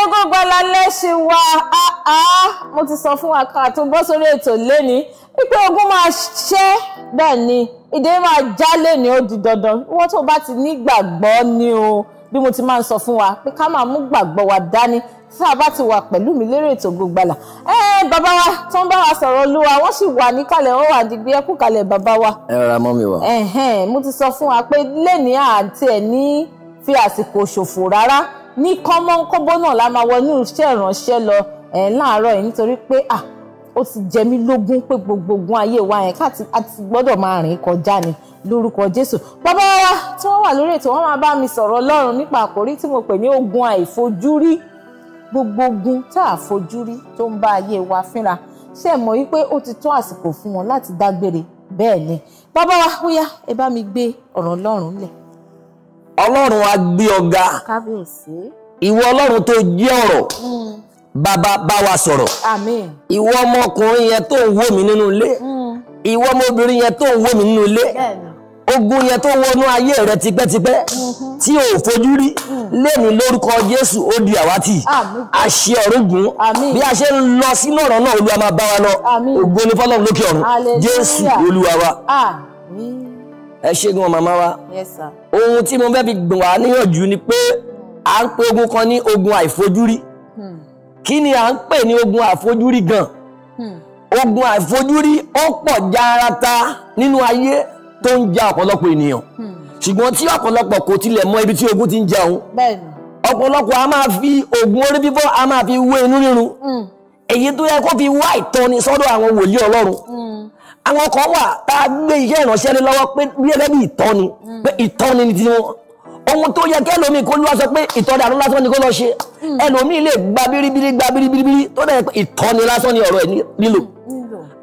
Ògo Ìgbàlà lẹ́ṣin wa mo ti sọ fún wa ká tó bọ́ sórí ètò lẹ́ni wípé ogun máa ṣẹ́ bẹ́ẹ̀ ni ìdè máa já lẹ́ni ó di dandan wọ́n tó bá ti ní ni o bí mo ti máa ń sọ fún wa pé ká máa mú gbàgbọ́ wa dání tí a bá ti wà pẹ̀lú mi lérè ètò Ògo Ìgbàlà ẹ bàbá wa tó ń bá wa sọ̀rọ̀ olúwa wọ́n sì wà níkàlẹ̀ wọ́n wà dìgbì ẹkú kalẹ̀ bàbá wa. ẹ rọra mọ mi wá. mo ti sọ fún wa pé lẹ́ni àǹtí ẹ̀ ní fi àsìkò ṣòfò rárá ní kánmọ́nkóbó náà la máa wọnú iṣẹ́ ìránṣẹ́ lọ láàárọ̀ yìí nítorí pé ah ó ti jẹ mí lógún pé gbogbo ogun ayé wa yẹn káàtì àti gbọ́dọ̀ máa rìn kọjá ni lórúkọ Jésù bàbá wa tí wọ́n wà lórí ètò wọ́n máa bá mi sọ̀rọ̀ Ọlọ́run nípa àkórí tí mo pè ní ogun àìfojúrí gbogbo ogun tá a fojúrí tó ń bá ayé wa fínra ṣe mọ̀ wípé ó ti tó àsìkò fún wọn láti dágbére bẹ́ẹ̀ ni bàbá wa ó yá ẹ bá mi gbé ọ̀rọ̀ Ọlọ́run lẹ̀ ọlọ́run á gbé ọ̀gá kábíyèsí ìwọ ọlọ́run tó jẹ́ ọ̀rọ̀ hmm. bàbá bá wa sọ̀rọ̀ àmín ìwọ ọmọkùnrin yẹn tó ń wò mí nínú ilé hmm. ìwọ ọmọbìnrin yẹn tó ń wò mí nínú ilé ogun yẹn tó wọnú ayé rẹ tipẹ́tipẹ́ hmm. tí o fojú rí lẹ́ni lórúkọ Jésù ó di àwátì àṣẹ ọ̀rúngun bí a ṣe ń lọ sínú ọ̀rọ̀ náà Olúwa máa bá wa lọ ògo ni lókè ọ̀run Jésù Olúwa wa. Ah ẹ ṣe gan wa ohun tí mo fẹ́ fi gbìn wá níyànjú ni pé à ń pe ogun kan ní ogun àìfojúrí hmm. kí ni à ń pè ní ogun àìfojúrí gan hmm. ogun àìfojúrí ó pọ̀ járata nínú ayé tó ń ja ọ̀pọ̀lọpọ̀ ènìyàn hmm. ṣùgbọ́n tí ọ̀pọ̀lọpọ̀ kò tilẹ̀ mọ ibi tí ogun ti ń jẹun ọ̀pọ̀lọpọ̀ a máa fi ogun orí fífọ́ a máa fi wé inú rírun èyí tó yẹ kó fi wá ìtọ́ni sọ́dọ̀ àwọn wòlíì Ọlọ́run àwọn kan wà tá a gbé iṣẹ́ ìránṣẹ́ lé lọ́wọ́ pé bí ẹgbẹ́ bí ìtọ́ni hmm. pé ìtọ́ni ni tiwọn ohun tó yẹ kí ẹlòmíì kó lúwa sọ pé ìtọ́ni àrùn lásán ni kó lọ ṣe hmm. ẹlòmíì lè gba biribiri gba biribiri tó dẹ̀ pé ìtọ́ni lásán ni ọ̀rọ̀ ẹ̀ hmm. nílò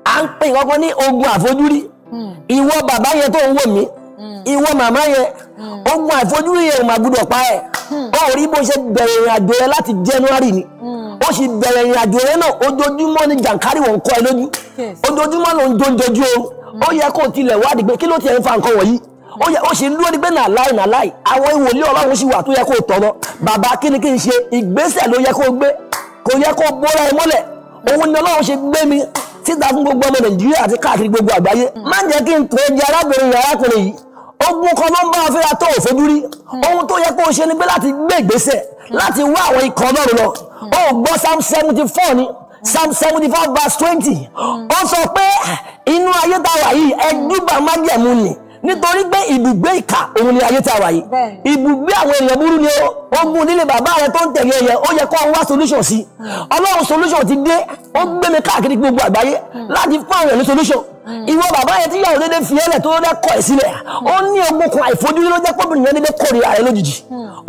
à ń pè kankan ní ogun àfojúrí ìwọ bàbá yẹn tó ń wò mí ìwọ màmá yẹn ogun àfojúrí yẹn ò máa gbúdọ̀ pa ẹ̀ ó rí bó ṣe bẹ̀rẹ̀ ìrìn àjò yẹn láti January ni ó sì bẹ̀rẹ̀ ìrìn àjò yẹn náà ojoojúmọ́ ni jàǹkárì wọn kọ́ ẹ lójú ojoojúmọ́ ló ń jójọjú o mm. ó yẹ kó tilẹ̀ wádìí pé kí ló tiẹ̀ ń fa nǹkan wọ̀nyí ó yẹ ó ṣe ń dúró ní pé nàláì nàláì àwọn ìwòlé ọlọ́run sì wà tó yẹ kó tọrọ bàbá kí ni kí n ṣe ìgbésẹ̀ ló yẹ kó gbé kò yẹ kó bóra ẹ mọ́lẹ̀ òun ni ọlọ́run ṣe gbé mi síta fún gbogbo ọmọ nàìjíríà àti káàkiri gbogbo àgbáyé má jẹ́ kí n tó di arábìnrin arákùnrin yìí ogun kan ló ń bá afẹ́ra tó ò fojú rí mm. ohun tó yẹ kó o ṣe ni pé láti gbé ìgbésẹ̀ mm. láti wá àwọn ikọ̀ ọlọ́run lọ ó gbọ́ sam seventy four ni psalm seventy four verse twenty mm. ó sọ pé inú ayé tá a wà yìí ẹgbúgbà májẹ̀mú ni nítorí pé ibùgbé ìkà òun ni ayé tá a wà yìí ibùgbé àwọn èèyàn burú ni ogun nílé bàbá rẹ tó ń tẹ̀lé ẹyẹ ó yẹ kó wá solution sí mm. ọlọ́run solution ti dé ó mm. gbé mi káàkiri gbogbo àgbáyé láti fún àwọn èèyàn ní solution ìwọ bàbá yẹn tí yàwó dédé fiẹ́lẹ̀ tó dédé kọ̀ ẹ̀ sílẹ̀ ó ní ogun kan àìfojúrí ló jẹ́ pọ́bìnrin yẹn dédé kórìíra rẹ lójijì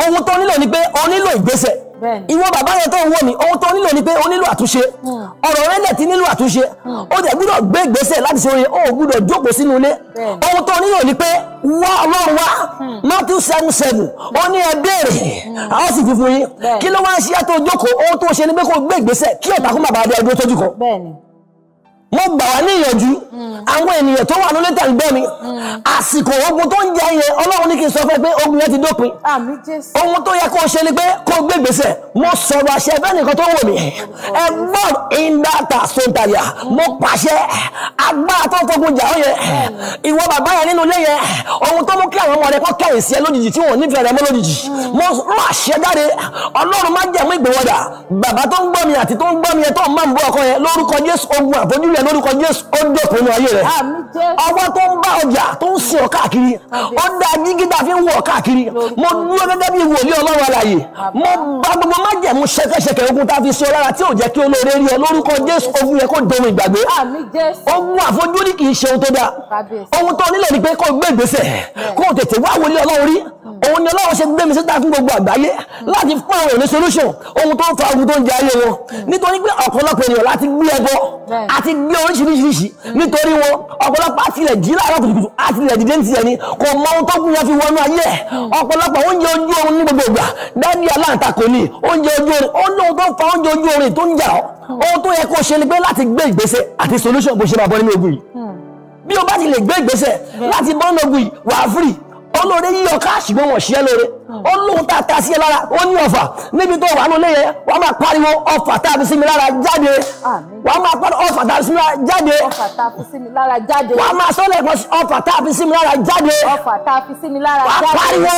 ohun tó nílò ni pé ó nílò ìgbésẹ̀ ìwọ bàbá yẹn tó ń wò mí ohun tó nílò ni pé ó nílò àtúnṣe hmm. ọ̀rọ̀ rẹ lẹ̀ ti nílò àtúnṣe hmm. ó dẹ̀ gbúdọ̀ gbé ìgbésẹ̀ láti ṣe oore ó gbúdọ̀ jókòó sínú ilé ohun tó nílò ni pé wá ọlọ́run wá hmm. Matthew seven seven ó ní ẹ béèrè a ó sì fi fún yín kí ló wá ń ṣe é tó jókòó ohun tó ṣe ni pé kó gbé ìgbésẹ̀ kí ọ̀tá kó má bàa tójú kan mo gbà wá ní ìyànjú àwọn ènìyàn tó wà lólé tàbí gbọ́ mi àsìkò ogun tó ń jẹ yẹn ọlọ́run ní kí n sọ fún ẹ pé ogun yẹn ti dópin ohun tó yẹ kó o ṣe ni pé kó o gbé ìgbésẹ̀ mo sọ̀rọ̀ àṣẹ ẹgbẹ́ nìkan tó wò mí ẹ ìdáta sọ̀tàyà mo pàṣẹ agbára tó ń fogun jà yẹn ìwọ bàbá yẹn nínú ilé yẹn ohun tó mú kí àwọn ọmọ rẹ kọ́ kẹ́yìn sí ẹ lójijì tí wọn nífẹ̀ẹ́ rẹ mọ́ lójijì mo rọ àṣẹ jáde ọlọ́run má jẹ̀mú ìgbéwọ́dà bàbá tó ń gbọ́ mi àti tó ń gbọ́ mi yẹn tó ń má ń bọ́ ọkọ yẹn lórúkọ Jésù ogun àfojúl rẹ lórúkọ Jésù ó dópin inú ayé rẹ ah, ọwọ́ tó ń bá ọjà tó ń sìn ọ́ ah, ó dá gígídà fi ń wọ̀ ọ́ mo dúró gẹ́gẹ́ bí ìwòlíì Ọlọ́run alààyè mo bá gbogbo májẹ̀mú ṣẹkẹṣẹkẹ ogun tá a fi sí ọ lára tí ò jẹ́ kí olóore rí ọ lórúkọ Jésù ogun yẹ kó dohun ìgbàgbé ah, ogun àfojúrí kì í ṣe ohun tó dáa ohun tó nílẹ̀ ni pé kó gbé ìgbésẹ̀ kó tètè wá wòlíì Ọlọ́run rí hmm. òun ni Ọlọ́run ṣe gbé mi síta fún gbogbo àgbáyé hmm. láti fún àwọn èèyàn solution ohun tó ń fa ogun tó ń jẹ ayé wọn hmm. nítorí pé ọ̀pọ̀lọpọ̀ ènìyàn láti gbé ẹbọ àti g gbé oríṣiríṣiríṣi nítorí wọn ọ̀pọ̀lọpọ̀ àtìlẹ̀ jí láàárọ̀ kùtùkùtù àtìlẹ̀ dìde ń tiẹ̀ ni kò mọ ohun tó kù wọn fi wọnú ayé ẹ̀ ọ̀pọ̀lọpọ̀ oúnjẹ ojú oorun ní gbogbo ìgbà dádì aláǹtakò ni oúnjẹ ojú oorun ó lóun tó fa oúnjẹ ojú oorun tó ń jà ọ́ ohun tó yẹ kó ṣe ni pé láti gbé ìgbésẹ̀ àti solution bó ṣe máa bọ́ nínú ogun yìí bí o bá ti lè gbé ìgbésẹ̀ láti bọ́ nínú ogun yìí wàá free olóore yíyọ káàṣì gbọ́n wọ̀n ṣiṣẹ́ lóore olóhun tá a ta sí ẹ lára ó ní ọ̀fà níbi tó wà lólè yẹ wà á máa pariwo ọ̀fà tá a fi sí mi lára jáde wà á máa pariwo ọ̀fà tá a fi sí mi lára jáde ọ̀fà tá a fi sí wà á máa sọ́lẹ̀ ọ̀fà tá a fi sí mi lára jáde ọ̀fà tá lára jáde wà á pariwo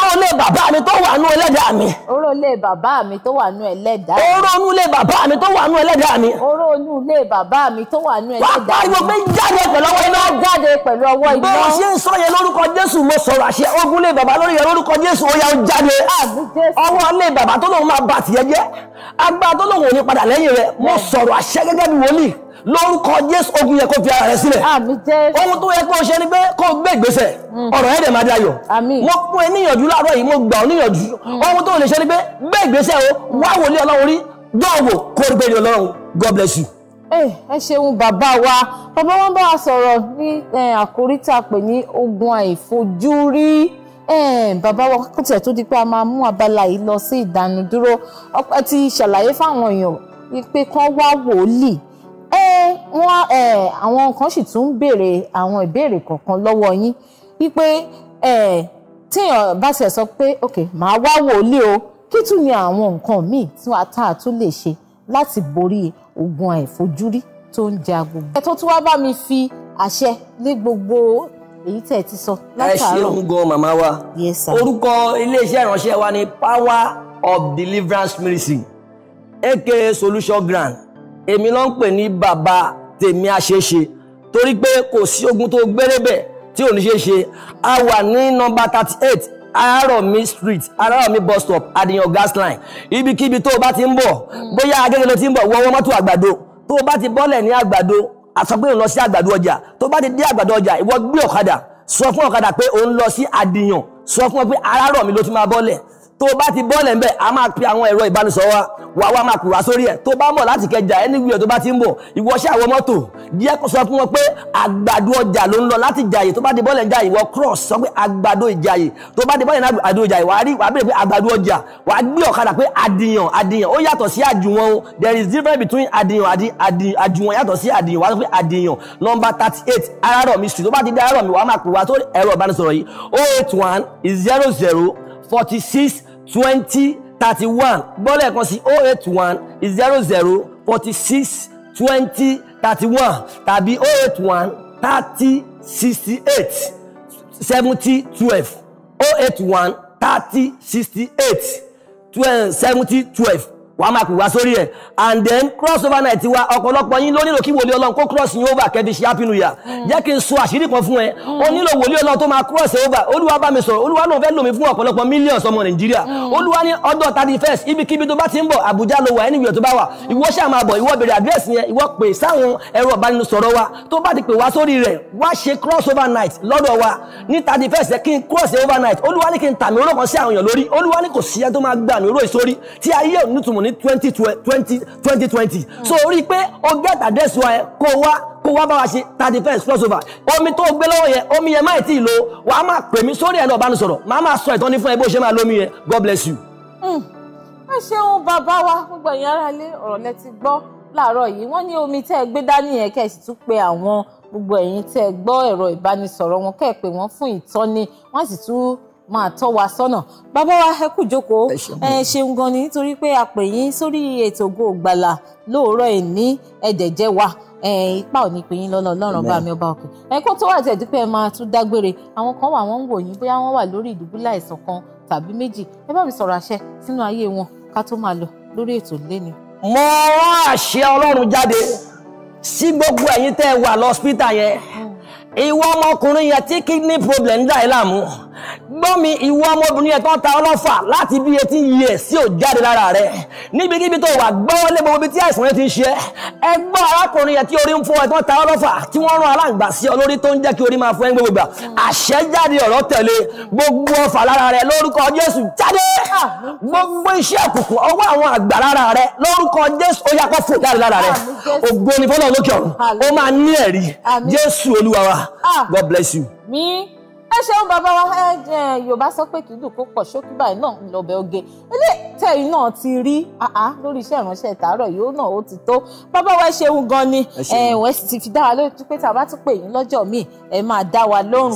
orólé bàbá mi tó wà nú ẹlẹ́dàá mi. orólé bàbá mi tó wà nú ẹlẹ́dàá mi. orónúlé bàbá mi tó wà nú ẹlẹ́dàá mi. orónúlé bàbá mi tó wà nú ẹlẹ́dàá mi. wàá pariwo pé jáde pẹ̀lú ọwọ́ iná. jáde pẹ̀lú ọwọ́ iná. bí o ṣe ń sọ yẹn lórúkọ jésù mo sọ̀rọ̀ àṣẹ ogúnlé bàbá lórí yẹn lórúkọ jésù ó yá ó jáde. Ah, ọwọ́ lé bàbá tó lóun máa bà tìyẹ jẹ́ agbára tó lóun ò ní padà lẹ́yìn rẹ̀ mo sọ̀rọ̀ àṣẹ gẹ́gẹ́ bí wòlíì lórúkọ jésù ogun yẹ kó fi ara rẹ sílẹ̀ ohun tó yẹ kó ṣe ni pé kó gbé ìgbésẹ̀ mm. ọ̀rọ̀ ẹ̀ dẹ̀ máa dayọ̀ mo fún ẹ níyànjú láàárọ̀ yìí mo gbà ọ́ níyànjú mm. ohun tó lè ṣe ni pé gbé ìgbésẹ̀ o mm. wá wòlé ọlọ́run rí dọ́ọ̀wò kó rí bẹ́ẹ̀ ọlọ́run god bless you. Eh, ẹ ṣeun bàbá wa bàbá wọn bá wa sọ̀rọ̀ ní eh, àkórí tá a pè ní ogun àìfojúrí eh, bàbá wa kò tiẹ̀ tó di pé a máa mú abala yìí lọ sí ìdánudúró ọpẹ́ ti ṣàlàyé fáwọn èèyàn pé kán wá wòlíì ẹ wọn ẹ àwọn kan sì tún ń béèrè àwọn ìbéèrè kọ̀ọ̀kan lọ́wọ́ yín wípé ẹ téèyàn bá ṣe sọ pé ok màá wá wòlé o kí tún ni àwọn nǹkan míì tí wàá tá a tún lè ṣe láti borí ogun àìfojúrí tó ń ja gbogbo. ẹ tó tún wá bá mi fi àṣẹ lé gbogbo èyí tẹ̀ ti sọ látàárọ̀. ẹ ṣeun gan màmá wa orúkọ iléeṣẹ́ ìránṣẹ́ wa ni power of deliverance ministry aka solution grant èmi ló ń pè ní bàbá tèmi àṣeṣe torí pé kò sí ogun tó gbérébẹ̀ tí ò ṣe ṣe a wà ní nọ́mbà thirty eight araromi street araromi bus stop adiyan gas line ibikíbi tó o bá ti ń bọ̀ hmm. bóyá agẹ́gẹ́ ló ti ń bọ̀ wọ ọwọ́ mọ́tò àgbàdo tó o bá ti bọ́lẹ̀ ní àgbàdo àsọgbẹ́rún lọ sí àgbàdo ọjà tó o bá ti dé àgbàdo ọjà ìwọ gbé ọ̀kadà sọ fún ọ̀kadà pé o lọ sí adiyan sọ fún ọ pé araromi ló ti máa bọ́lẹ̀ tó bá ti bọ́ọ̀lẹ̀ ńbẹ̀ a máa pe àwọn ẹ̀rọ ìbánisọ̀rọ̀ wa wá wá máa pè wá sórí ẹ̀ tó bá ń bọ̀ láti kẹjà anywhere tó bá ti ń bọ̀ ìwọṣẹ́ àwọn mọ́tò díẹ̀ kó sọ fún wọn pé àgbàdo ọjà ló ń lọ láti jàyè tó bá di bọ́ọ̀lẹ̀ jàyè wọ cross sọ pé àgbàdo ìjàyè tó bá di bọ́ọ̀lẹ̀ náà àdó ìjàyè wàá rí wàá bèrè pé àgbàdo ọjà wàá gbé ọ̀kadà pé àdìyàn àdìyàn ó yàtọ̀ sí àjùwọ̀n o there is difference between àdìyàn àjùwọ̀n yàtọ̀ sí àdìyàn wàá sọ pé àdìyàn number thirty eight Arárọ̀mí street tó bá ti dé Arárọ̀mí wàá máa pè wá sórí ẹ̀rọ ìbánisọ̀rọ̀ yìí oh eight one zero zero forty six twenty thirty one gbọ́lẹ̀ kan sí oh eight one zero zero forty six twenty thirty one tàbí oh eight one thirty sixty eight seventy twelve oh eight one thirty sixty eight seventy twelve wàá máa pè wá sórí ẹ̀ and then cross over night wa ọ̀pọ̀lọpọ̀ yín ló nílò kí wòlíì ọlọ́run kó cross yín over kẹ́bi ṣe happy new year mm. jẹ́ kí n sọ àṣírí kan fún ẹ mm. ó nílò wòlíì ọlọ́run tó máa cross over olúwa bá mi sọ̀rọ̀ olúwa náà fẹ́ lò mí fún ọ̀pọ̀lọpọ̀ millions ọmọ nàìjíríà mm. olúwa ní ọdọ̀ thirty first ibikíbi tó bá ti ń bọ̀ àbújá ló wà ẹnìyàn tó bá wà ìwọ ṣáà máa bọ̀ ìwọ bèrè àdírẹ́sì yẹn ìwọ pè sáwọn ẹ̀rọ ìbánisọ̀rọ̀ wa tó bá cross over night lọ́dọ̀ wa ní first kí n cross over night olúwa ní kí n tàmì oró kan sí àwọn èèyàn lórí olúwa ní kò sí ẹni tó máa gbà mí oró ìsórí ní twenty twenty twenty so orí pé o get address wa ẹ kó wá kó wá bá wa ṣe thirty first crossover omi tó gbé lọ́wọ́ yẹn omi yẹn má tí ì lo wàá máa pè mí sórí ẹ̀rọ ìbánisọ̀rọ̀ màá máa sọ ìtọ́ni fún ẹ bó ṣe máa lómi yẹn God bless you. Hmm. ẹ ṣeun bàbá wa gbogbo ẹ̀yin aráalé ọ̀rọ̀ lẹ ti gbọ́ láàárọ̀ yìí wọ́n ní omi tẹ́ ẹ gbé dání yẹn kẹ́ ẹ sì tún pe àwọn gbogbo ẹ̀yin tẹ́ ẹ gbọ́ ẹ̀rọ ìbánisọ̀rọ̀ wọn kẹ́ ẹ pè wọ́n fún ìtọ́ni wọ́n sì tún máa tọ́ wa sọ́nà bàbá wa ẹ kú jókòó ẹ ṣeun gan ni nítorí pé a pè yín sórí ètò Ògo Ìgbàlà lóòrọ̀ ẹ̀ ní ẹ̀dẹ̀jẹ̀ wa ipa ò ní pè yín lọ́nà ọlọ́run bá mi ọba òkè ẹ̀kọ́ tó wà tẹ̀ dípẹ́ máa tún dágbére àwọn kan wà wọ́n ń wò yín bóyá wọ́n wà lórí ìdùbúlẹ̀ àìsàn kan tàbí méjì ẹ bá mi sọ̀rọ̀ àṣẹ sínú ayé wọn ká tó máa lọ lórí ètò lẹ́ni. mo rán àṣẹ ọlọ́run jáde sí gbogbo ẹ̀yin tẹ́ ẹ wà lọ́spítà yẹn oh. ìwọ ọmọkùnrin yẹn tí kidney problem ń dà ẹ́ láàmú gbọ́mi ìwọ ọmọbìnrin ẹ̀tọ́ ta ọlọ́fà láti bí etí yẹ sí ò jáde lára rẹ̀ níbikíbi tó wà gbọ́wọ́ lé gbogbo ibi tí àìsàn rẹ̀ ti ń ṣe ẹgbọ́ arákùnrin ẹ̀ tí orí ń fọ́ ẹ̀tọ́ ta ọlọ́fà tí wọ́n rán aláǹgbà sí ọ lórí tó ń jẹ́ kí orí máa fọ́ ẹ́ gbogbo gbà àṣẹ jáde ọ̀rọ̀ tẹ̀lé gbogbo ọfà lára rẹ̀ lórúkọ Jésù jáde gbogbo iṣẹ́ òkùnkùn ọwọ́ àwọn àgbà lára rẹ̀ lórúkọ Jésù ó yàpọ̀ fò jáde lára rẹ̀ ògo ni fọlọ́ lókè ọ̀run ó máa ní ẹ̀rí Jésù Olúwa wa ah. God bless you. Me? ẹ ṣeun bàbá wa yorùbá sọ pé kì í dùn kó pọ̀ ṣókí báyìí náà lọ́bẹ̀ oge ilé tẹ̀yìn náà ti rí lórí iṣẹ́ ìránṣẹ́ ìtàárọ̀ yìí ó náà ó ti tó bàbá wa ṣeun gan ni ẹ̀wọ̀n sì ti fi dá wa lójú pé tá a bá tún pè yín lọ́jọ́ míì ẹ máa dá wa lóhùn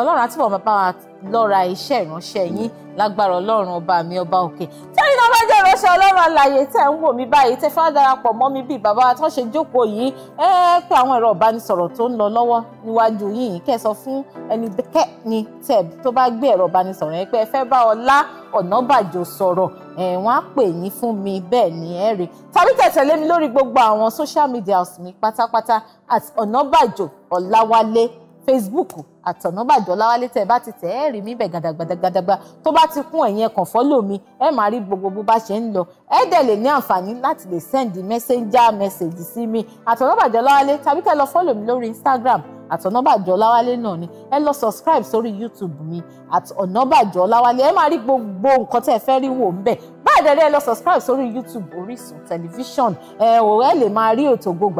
ọlọ́run àtúbọ̀ bàbá wa lọ́ra iṣẹ́ ìránṣẹ́ yín lágbára ọlọ́run ọba mi ọba òkè tí ẹ̀yin náà bá jẹ́ ìránṣẹ́ ọlọ́run àlàyé tẹ̀ ń wò mí báyìí tẹ́ fẹ́ darapọ̀ mọ́ mi bíi bàbá tó ṣe jókòó yìí ẹ pé àwọn ẹ̀rọ ìbánisọ̀rọ̀ tó ń lọ lọ́wọ́ níwájú yìí kẹ́ sọ fún ẹni kẹ́ni tẹ̀ tó bá gbé ẹ̀rọ ìbánisọ̀rọ̀ yẹn pé ẹ fẹ́ bá Ọlá Ọ̀nàbàjọ́ sọ̀rọ̀ ẹ̀ wọ́n á pè yín fún mi bẹ́ẹ̀ ni ẹ rí tàbí tẹ̀tẹ̀lé mi lórí gbogbo àwọn social media mi pátápátá at Ọ̀nàbàjọ́ Ọláwálé facebook àtọ̀nàbàjọ́ láwálé tẹ́ ẹ bá ti tẹ̀ ẹ́ rí mi bẹ̀ gàdàgbàdàgbàdàgbà tó bá ti kún ẹ̀yìn ẹ̀kàn fọ́lò mi ẹ máa rí gbogbo bó bá ṣe ń lọ ẹ dẹ̀ lè ní àǹfààní láti lè send messenger message sí mi àtọ̀nàbàjọ́ láwálé tàbí kẹ́ lọ fọ́lò mi lórí instagram àtọ̀nàbàjọ́ láwálé náà ni ẹ lọ subscribe sórí youtube mi àtọ̀nàbàjọ́ láwálé ẹ máa rí gbogbo nǹkan tẹ́ ẹ fẹ́ rí wò ń bẹ̀ báyìí dẹ́rẹ́ ẹ lọ subscribe sórí youtube orísun tẹlifíṣàn ẹ ò rẹ́ lè máa rí ètò Ògo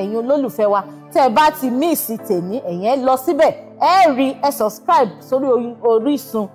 ẹ̀yin olólùfẹ́ wa tẹ́ ẹ bá ti míìsì tèmi ẹ̀yin ẹ lọ síbẹ̀ ẹ rí ẹ subscribe sórí Orísun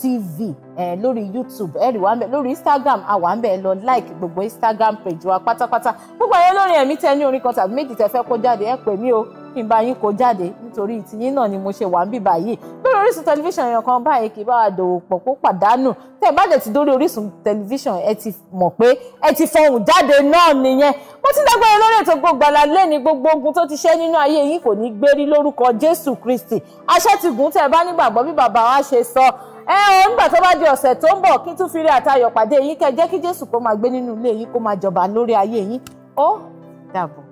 TV ẹ lórí YouTube ẹ rí wa ń lórí Instagram a ń bẹ ẹ lọ like gbogbo Instagram page wa pátápátá gbogbo ayé lórí ẹ̀mí tẹ ní orin kan tàbí méjì tẹ fẹ́ kó jáde ẹ pè mí o kí n bá yín kó jáde nítorí ìtìyín náà ni mo ṣe wà ń bì báyìí lórí Orísun tẹlifíṣàn èèyàn kan báyìí kì í bá wa dòwò pọ̀ kó pàdánù tẹ̀ bá dẹ̀ ti dórí Orísun tẹlifíṣàn ẹ ti mọ̀ pé ẹ ti fọhùn jáde náà nìyẹn mo ti dágbére lórí ètò Gbogbo Àlà lẹ́ni gbogbo ogun tó ti ṣẹ́ nínú ayé yín kò ní gbérí lórúkọ Jésù Kristi àṣẹ ti gùn tẹ̀ bá nígbàgbọ́ bí bàbá wa ṣe sọ ẹ ọ nígbà tó bá di ọ̀sẹ̀ tó ń bọ̀ kí n tún fi rí àtayọ̀ pàdé yín kẹ́ jẹ́ kí Jésù kó máa gbé nínú ilé yín kó máa jọba lórí ayé yín ó dàbọ̀.